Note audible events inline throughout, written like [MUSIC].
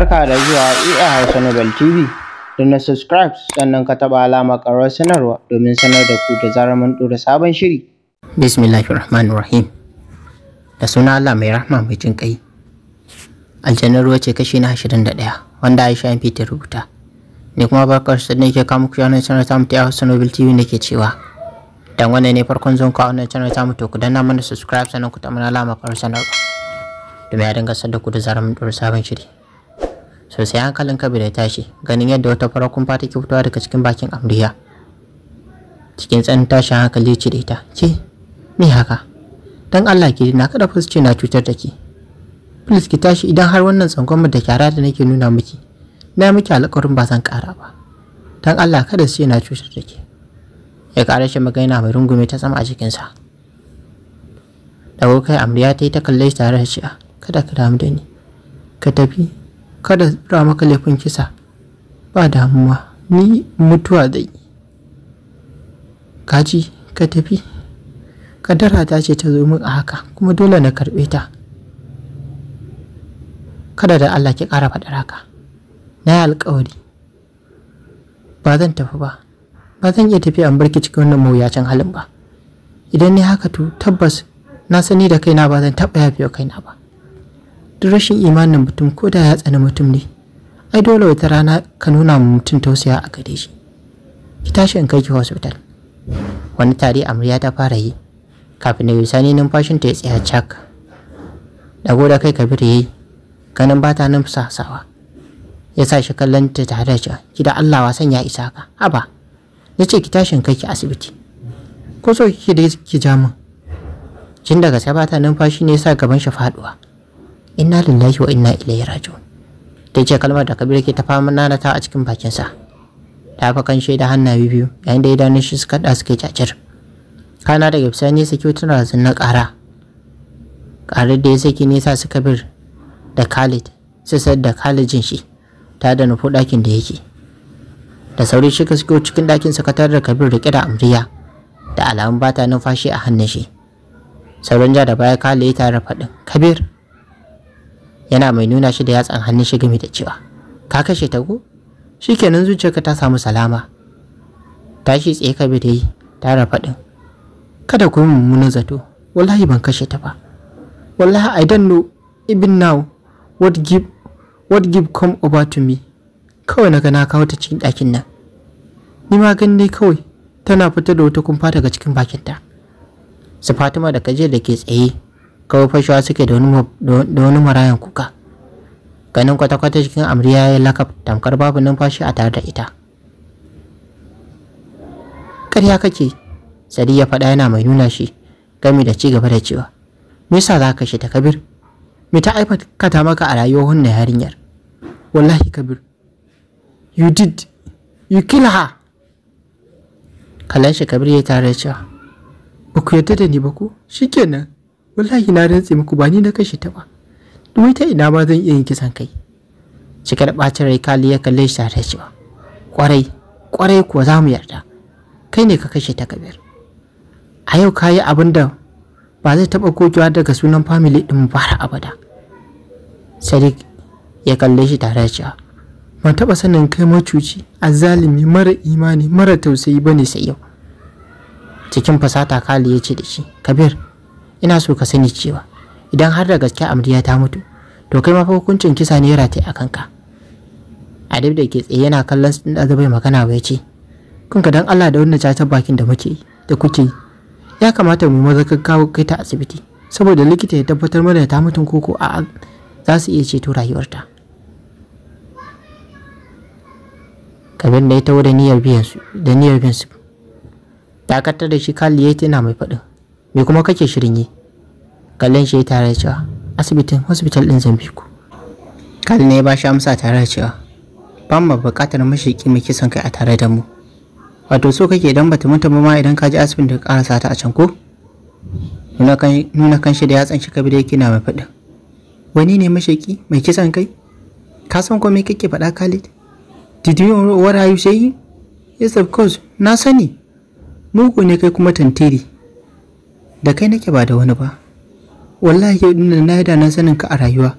Barka da zuwa EA Hausa Nobel TV. Da na subscribe sannan ka taɓa alama ƙarar sanarwa domin sanar da ku da zarar mun dora sabon shiri. rahim Da suna Allah mai rahma mai jin kai aljannar ruwa ce kashi na ashirin da ɗaya wanda Aisha MP ta rubuta. Ni kuma barkar su ne ke kamu kuyanin sanar ta mutu e Hausa Nobel TV ne ke cewa. Dan wannan ne farkon zon ka wannan channel ta mutu ku danna mana subscribe sannan ku taɓa alama ƙarar sanarwa. Domin ya dinga da ku da zarar mun ɗora sabon shiri. sosai hankalin kabir ya tashi ganin yadda wata kun kumfa take fitowa daga cikin bakin amriya cikin tsanin tashin hankali ce da ita ke me haka dan Allah ki na kada fuske na cutar da ki please ki tashi idan har wannan tsangon da kyara da nake nuna miki na miki alƙawarin ba zan ƙara ba dan Allah kada su ce na cutar da ki ya ƙara shi magana mai rungume ta tsama a Da dago kai amriya ta yi ta kalle shi tare da shi kada ka damu da ni ka tafi kada ra maka laifin kisa ba damuwa ni mutuwa zai kaji ka tafi kadara ta ce ta zo min a haka kuma dole na karɓe ta kada da Allah ki ƙara faɗar haka na yi alƙawari ba zan tafi ba ba zan iya tafi an barki cikin wannan mawuyacin halin ba idan ni haka to tabbas na sani da kaina ba zan taɓa yafe kaina ba duk rashin imanin mutum ko da ya tsani mutum ne ai dole wata rana ka nuna mu mutum tausaya a gare shi ki tashi in kai ki hospital wani tari amarya ta fara yi kafin da yusani numfashin ta ya tsaya cak da gode kai kabir yayi ganin ba ta numfasawa ya sa shi kallon ta tare da ki da Allah wasan ya isa ka haba ya ce ki in kai ki asibiti ko so ki da ki ja min jin daga sai ba ta numfashi ne ya sa gaban shi faduwa inna lillahi wa inna ilaihi raji'un ta ce kalmar da kabir ke ta fama nanata a cikin sa ta fa kan shaida hannaye biyu yayin da idanun shi suka da suke jajir kana daga bisani saki tana na ƙara ƙarar da ya saki nesa su kabir da khalid su da Khalid jin shi ta da nufo ɗakin da yake da sauri shi ka shigo cikin ɗakin sakatar da kabir rike da amriya da alamun bata numfashi a hannun shi sauran ja da baya khalid ya tare faɗin kabir yana mai nuna shi da yatsan hannun shi game da cewa ka kashe ta ko shikenan zuciyarka ta samu salama tashi tsaye ka bi da yi tara faɗin kada ku yi zato wallahi ban kashe ta ba wallahi i don't know even now what give what give come over to me kawai naga na kawo ta cikin ɗakin nan ni ma ne dai kawai tana fitar da wata kumfa daga cikin bakinta su fatima da kaje da ke tsaye kawai fashewa suke da wani marayan kuka ganin kwata-kwata cikin amriya ya lakab tamkar babu numfashi a tare da ita ƙarya kake sadi ya faɗa yana mai nuna shi gami da ci gaba da cewa me yasa za ka ta kabir me ta aikata maka a rayuwar wannan yarinyar wallahi kabir you did you kill her kallon shi kabir ya tare cewa ba ku yarda da ni ba ku shikenan wallahi na rantse muku ba ni na kashe ta ba domin ta ina ma zan iya yin kisan kai cike da ɓacin rai kali ya kalle shi tare cewa kwarai kwarai kuwa za mu yarda kai ne ka kashe ta kabir a yau ka yi abin da ba zai taɓa kokewa daga sunan famili ɗin fara abada sadiq ya kalle shi tare cewa ban taɓa sanin kai macuci azzalumi, mara imani mara tausayi bane sai yau cikin fasata kali ya ce da shi kabir ina so ka sani cewa idan har da gaske amarya ta mutu to kai ma hukuncin kisa ne rataye a kanka adib da ke tsaye yana kallon sun da bai magana bai ce kanka dan Allah da wannan cacar bakin da muke da kuke ya kamata mu maza ka kawo kai ta asibiti saboda likita ya tabbatar mana ta mutun koko a za su iya ceto rayuwarta kabir da ya tawo niyyar biyan su da niyyar biyan su dakatar da shi kalli tana mai faɗin me kuma kake shirin yi kallon shi tare da cewa asibitin hospital din zambiku kallon ne ba shi amsa tare da cewa ba mu buƙatar mashiki mai kisan kai a tare da mu wato so kake dan bata mutu ba ma idan ka ji asibitin ka karasa ta a can ko nuna kan shi da yatsan shi kabi da yake na mai faɗin wani ne mashaki mai kisan kai ka san ko me kake faɗa Khalid did you what are yes of course na sani mugu ne kai kuma tantiri da kai nake ba da wani ba wallahi yau din na yi da na sanin ka a rayuwa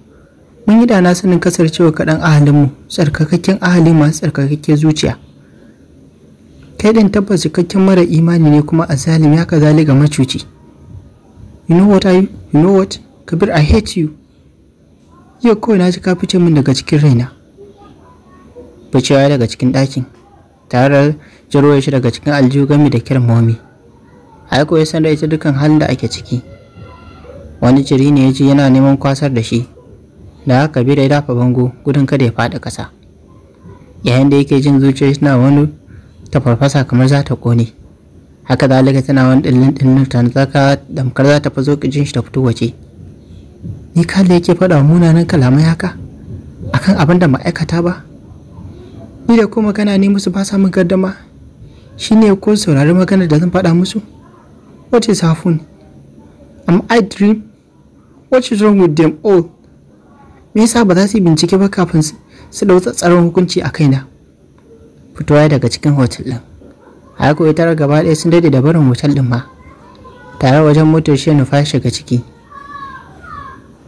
mun yi da na sanin kasancewa kaɗan mu tsarkakakken ahali masu tsarkakakken zuciya kai din tabbas cikakken mara imani ne kuma a zalim ya kazali ga macuci you know what I, you know what kabir i hate you yau kawai na ji ka fice min daga cikin raina bacewa daga cikin ɗakin tare da shi daga cikin aljihu gami da kiran Mami. a ya san da ita dukan halin da ake ciki wani ciri ne ya ji yana neman kwasar da shi da haka bi da ya dafa bango gudun kada ya faɗi ƙasa yayin da yake jin zuciyar tana wani tafarfasa kamar za ta ƙone haka zalika tana wani ɗillin ɗillin zaka damkar za ta zo ƙijin shi ta fito waje ni ka da yake faɗa munanan kalamai haka akan abin da ma'aikata ba ni da ko magana ne musu ba sa min gardama shine ko saurari maganar da zan faɗa musu What is happening? Am I dream? What is wrong with them all? Me yasa ba za su yi bincike ba kafin su ɗau tsaron hukunci a kaina? Fitowa daga cikin hotel ɗin. A ya tara gaba ɗaya sun dade da barin hotel ɗin ma. Tare wajen motar shi nufa shiga ciki.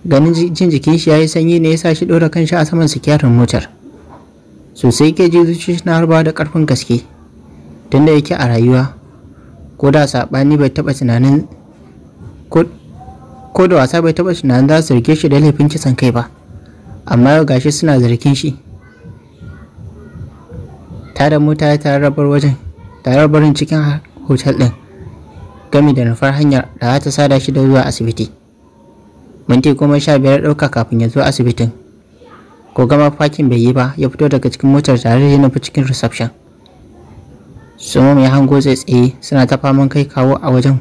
Ganin jin jikin shi ya yi sanyi ne yasa shi ɗora kanshi a saman sikiyarin motar. Sosai ke ji zuciya na harba da ƙarfin gaske. Tunda yake a rayuwa ko da saɓani bai taɓa tunanin ko da wasa bai taɓa tunanin za su rike shi da laifin kisan kai ba amma yau gashi suna zargin shi tare mota ta rabar wajen tare rabarin cikin hotel ɗin gami da nufar hanyar da za ta sada shi da zuwa asibiti minti goma sha biyar ɗauka kafin ya zo asibitin ko gama fakin bai yi ba ya fito daga cikin motar tare da ya nufi cikin reception Suma mai hango zai tsaye eh, suna ta faman kai kawo a wajen.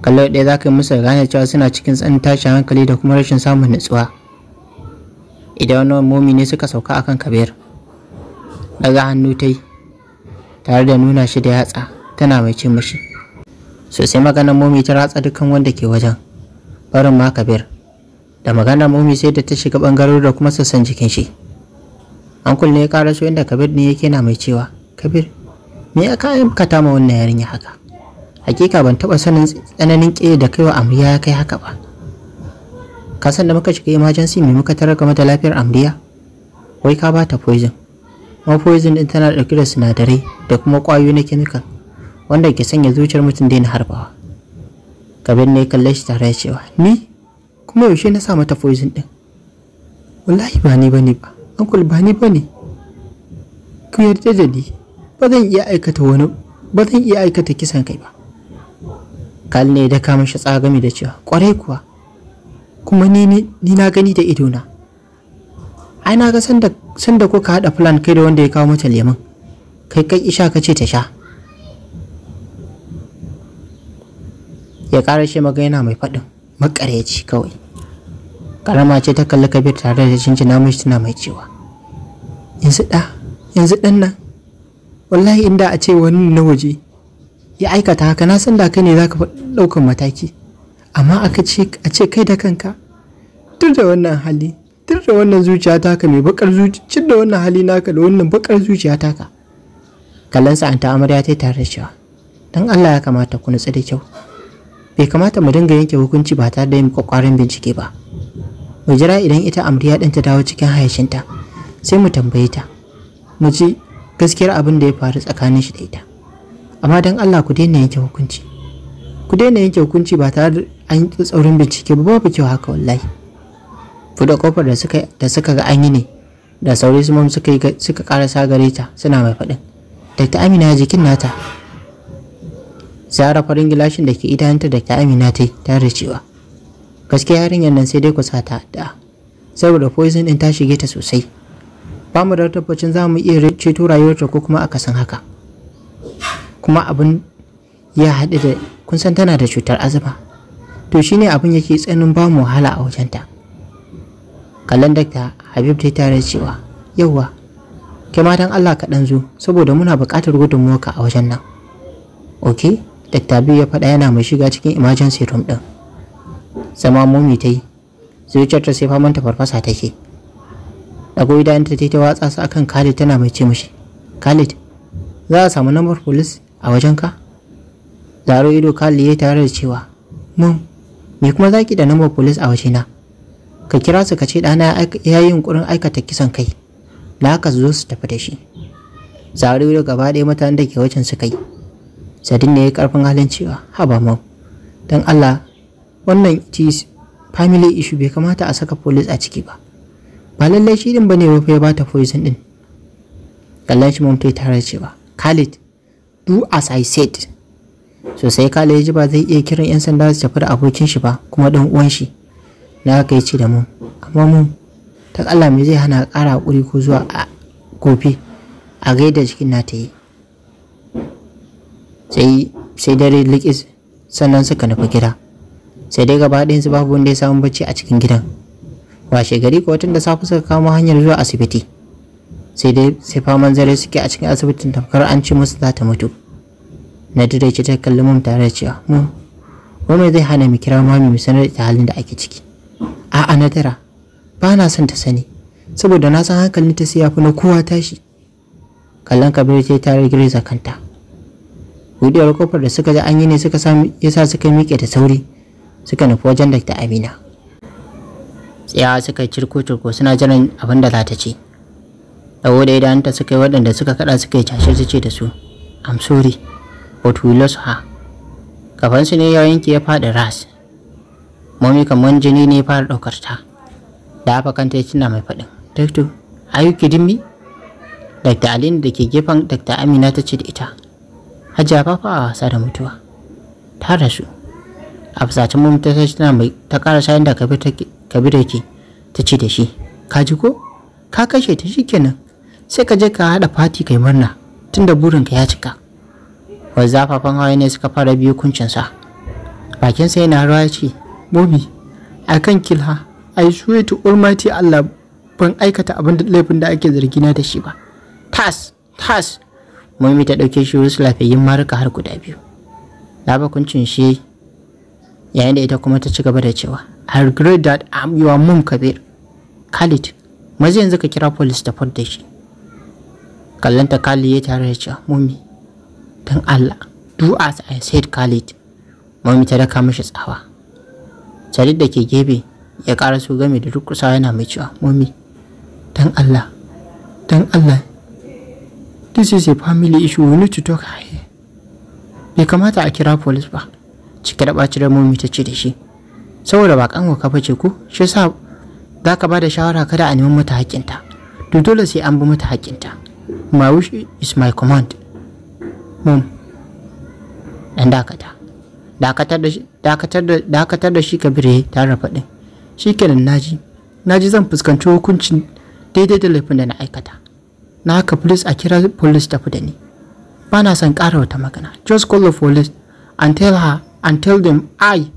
Kallo ɗaya za ka yi musu gane cewa suna cikin tsanin tashin hankali da kuma rashin samun nutsuwa. Idan wani momi ne suka sauka a kan kabir. Daga hannu ta yi tare da nuna shi da yatsa tana mai ce mashi. Sosai maganar momi ta ratsa dukkan wanda ke wajen. Barin ma kabir. da maganar momi sai da ta shiga bangarori da kuma sassan jikin shi. An kulle ya karaso inda Kabir ne yake na mai cewa, Kabir, me ya kayan kata ma wannan yarinya haka hakika ban taba sanin tsananin ke da kaiwa amriya ya kai haka ba ka san da muka shiga emergency me muka tarar game da lafiyar amriya wai ka bata poison kuma poison din tana dauke da sinadarai da kuma ƙwayoyi na chemical wanda ke sanya zuciyar mutum daina harbawa kabir ne kalle shi tare da cewa ni kuma yaushe na sa mata poison din wallahi ba ni bane ba uncle ba ni bane ku yarda da ni ba zan iya aikata wani ba zan iya aikata kisan kai ba kal ne da kama shi tsagami da cewa kwarai kuwa kuma ni ni na gani da idona ai na ga sanda sanda kuka hada plan kai da wanda ya kawo mata lemon kai kai isha kace ta sha ya ƙara shi magana mai faɗin makareci kawai karama ce ta kalli kabir tare da cincina mishi tana mai cewa yanzu da yanzu ɗan nan wallahi inda a ce wani na waje ya aikata haka na san da ka ne za ka ɗaukar mataki amma aka a ce kai da kanka Tun da wannan hali tun da wannan zuciya taka mai bakar zuciya da wannan hali naka da wannan bakar zuciya taka kallon sa anta amarya ta tare da cewa dan Allah ya kamata ku nutsu da kyau bai kamata mu dinga yanke hukunci ba tare da yin kokarin bincike ba mu jira idan ita amarya din ta dawo cikin hayashinta sai mu tambaye ta mu ji gaskiyar abin da ya faru tsakanin shi da ita amma don Allah ku daina yanke hukunci ku daina yanke hukunci ba tare da an yi tsaurin bincike ba babu kyau haka wallahi fuda kofar da suka da suka ga an yi ne da sauri su mun suka suka karasa gare ta suna mai faɗin ta Amina jikin nata Zara farin gilashin da ke idanunta da ta Amina ta yi tare cewa gaskiya yarinyar nan sai dai ku sata da saboda poison din ta shige ta sosai ba mu da tabbacin za mu iya ceto rayuwarta ko kuma san haka kuma abin ya haɗu da kun san tana da cutar azaba to shi ne abin yake tsanin ba mu wahala a wajenta kallon dakta habib ta tare cewa yauwa ke matan allah kaɗan zo saboda muna buƙatar gudunmuwarka a wajen nan ok dakta biyu ya faɗa yana mai shiga cikin emergency room ɗin zama momi ta yi zuciyarta sai faman ta farfasa take Akwai idanunta ta ta watsa su akan Khalid tana mai ce mishi Khalid za a samu lambar polis a wajen ka zaro ido Khalid ya tare da cewa mun me kuma zaki da lambar polis a wajena ka kira su ka ce dana ya yi yunkurin aikata kisan kai da haka su zo su tafi da shi zaro ido gaba ɗaya mutanen da ke wajen su kai sadin ne ya karfin halin cewa haba don Allah wannan ti family issue bai kamata a saka police a ciki ba ba lallai shi din bane fa ya bata poison din kallon shi mun ya tare cewa Khalid do as I said so sai Khalid ji ba zai iya kiran yan sanda su tafi da abokin shi ba kuma dan uwan shi na kai ci da mu amma mu ta Allah me zai hana ƙara hakuri ko zuwa a kofi? a gaida jikin na ta yi sai sai dare likis sannan suka nufi gida sai dai gaba ɗayansu babu wanda ya samu bacci a cikin gidan washe gari ko tun da safe suka kamo hanyar zuwa asibiti sai dai sai faman zare suke a cikin asibitin tamkar an ce musu za ta mutu nadira ce ta kalli mum tare da cewa ko me zai hana mu kira mami mu sanar da halin da ake ciki a'a nadira ba na son ta sani saboda na san hankalin ta sai ya na kowa tashi kallon kabiru yi tare girza kanta buɗewar kofar da suka ji an yi ne suka ya sa suka miƙe da sauri suka nufi wajen da ta amina tsaya suka cirko-cirko suna jiran abin da za ta ce dawo da idanta suka yi waɗanda suka kaɗa suka yi cashe su ce da su I'm sorry but we lost her gabansu ne ya yanke ya faɗi ras mami kamar jini ne ya fara ɗaukar ta da haka kanta ya tuna mai faɗin doctor are you kidding me Dr. Alin da ke gefen Dr. Amina ta ce da ita Hajiya ba a wasa da mutuwa ta rasu a fusacin mummuta ta sai tana mai ta ƙara shayin da kafe ta ka bi ta ce da shi ka ji ko ka kashe ta shi kenan, sai ka je ka haɗa fati kai murna tunda burinka ya cika wazzafafan hawaye ne suka fara biyo kuncinsa bakinsa yana rawa ya ce bobi a kan kilha ai suwe to almighty allah ban aikata abin da laifin da ake zargi na da shi ba tas tas mummy ta ɗauke shi wasu lafiyayyen maruka har guda biyu kuncin shi yayin da ita kuma ta ci gaba da cewa I regret that I'm your mum Kabir. Khalid, maza yanzu ka kira police ta da shi. Kallanta Khalid ya tare ya cewa, "Mummy, dan Allah, do as I said Khalid." Mummy ta daka mishi tsawa. Khalid da ke gefe ya ƙara su game da duk kusa yana mai cewa, "Mummy, dan Allah, dan Allah, this is a family issue we need to talk about. Bai kamata a kira police ba. Cike da ɓacin mummy ta ce da shi, saboda ba kanwa ka bace ku shi yasa za ka ba da shawara kada a neman mata haƙƙinta to dole sai an bi mata haƙƙinta my wish is my command mom dan dakata dakatar da dakatar da dakatar da shi kabire ta rafa din shikenan naji naji zan fuskanci hukuncin daidai da laifin da na aikata na haka police a kira police tafi da ni ba na son ƙara wata magana just call the police and tell her and tell them i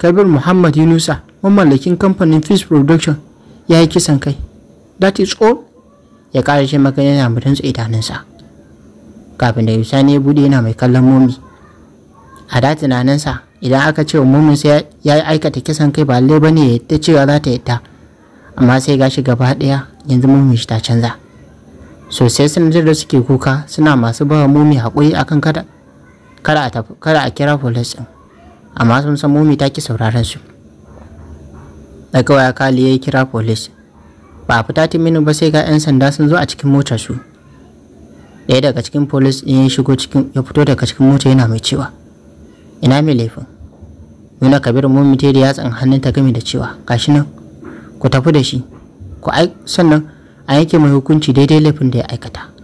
kabir muhammad yunusa mamallakin kamfanin fish production ya yi kisan kai that is all ya kara shi maka yana mutum idanunsa kafin da Yusa ya bude yana mai kallon momi a da tunaninsa idan aka ce wa momin ya yi aikata kisan kai ba lalle bane ya yadda cewa za ta yadda amma sai gashi gaba ɗaya, yanzu momin shi ta canza sosai sanatar da suke kuka suna masu ba momi haƙuri akan kada kada a kira police ɗin amma sun san momi ta ki sauraron su daga waya kali ya yi kira police ba a fita timinu ba sai ga 'yan sanda sun zo a cikin mota su ɗaya daga cikin polis ɗin ya shigo cikin ya fito daga cikin mota yana mai cewa ina mai laifin nuna kabir ta da yatsan hannun ta gami da cewa gashi nan ku tafi da shi ku ai sannan a yake mai hukunci daidai laifin da ya aikata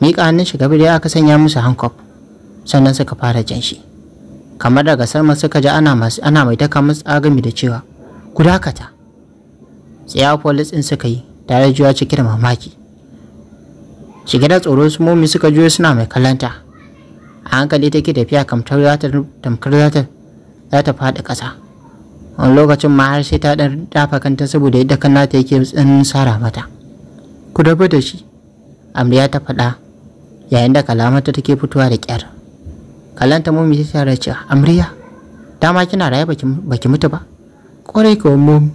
miƙa hannun shi gaba da aka sanya musu hankop sannan suka fara jan shi kamar daga sama suka ji ana masu ana mai taka musu agami da cewa ku dakata tsaya police din suka yi tare juwa cike da mamaki shiga da tsoro su momi suka juya suna mai kallanta a hankali take tafiya kamtar za ta tamkar za ta za ta faɗi ƙasa wani lokacin ma har sai ta ɗan dafa kanta saboda yadda kanna ta yake tsanin sara mata ku dabo da shi amriya ta faɗa yayin da kalamata take fitowa da ƙyar kallanta momi ta tare ce amriya dama kina raye baki mutu ba kwarai ka momi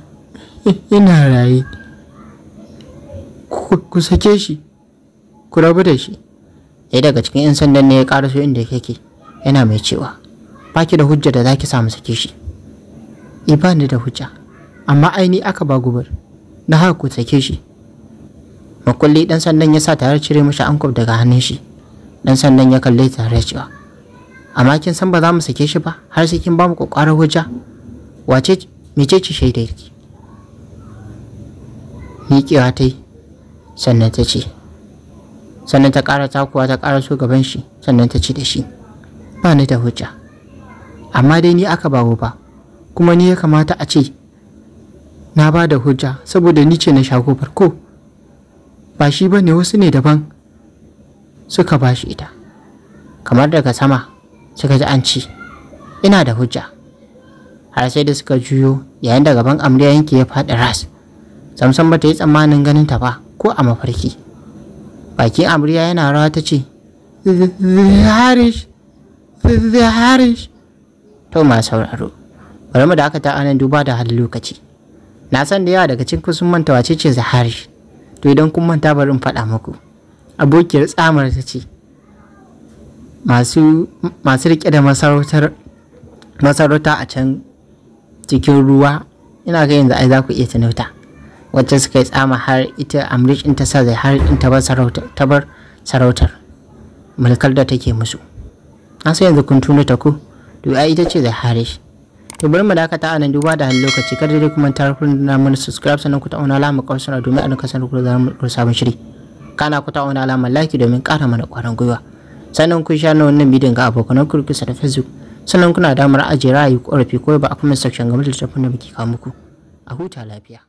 [LAUGHS] ina raye ku sake shi ku rabu da shi ɗaya daga cikin 'yan sandan ne ya karaso inda yake yana mai cewa ba ki da hujja da za ki samu sake shi eh, ba ni da hujja amma aini aka ba gubar na haka ku sake shi makulli ɗan sandan ya sa tare cire mashi ankof daga hannun shi ɗan sandan ya kalle tare cewa amma kin san ba za mu sake shi ba har sai kin ba mu kokarin hujja wace mece ce shaidar ki miƙewa ta yi sannan ta ce sannan ta ƙara takuwa ta ƙara so gaban shi sannan ta ce da shi ba ni da hujja amma dai ni aka bawo ba kuma ni ya kamata a ce na ba da hujja saboda ni ce na shago farko ba shi ba ne wasu ne daban suka ba shi ita kamar daga sama suka ji an ci ina da hujja har sai da suka juyo yayin da gaban amriya yanke ya faɗi ras samson ta yi tsammanin ganin ta ba ko a mafarki bakin amriya yana rawa ta ce harish harish to ma sauraro bari mu da aka ta anan duba da halin lokaci na san da yawa daga cikin sun manta wace ce zahari to idan kun manta bari in faɗa muku abokiyar tsamar ta ce masu riƙe da masarauta a can cikin ruwa ina ga yanzu ai za ku iya tunauta wacce suka yi tsama har ita amrish ta sa zai har in ta bar sarautar mulkar da take musu na so yanzu kun tuna ta ku to ai ita ce zai shi to bari mu dakata a nan duba da hal lokaci kar dai kuma ta rufin na mun subscribe sannan ku ta auna alamar kawai domin a duka sanar ku da sabon shiri kana ku ta auna alamar like domin kara mana kwarin gwiwa sannan kun na wannan bidiyon ga abokanan sa da facebook sannan kuna damar ajiye ra'ayi korafi ko ba a comment section game da littafin da muke kawo muku a huta lafiya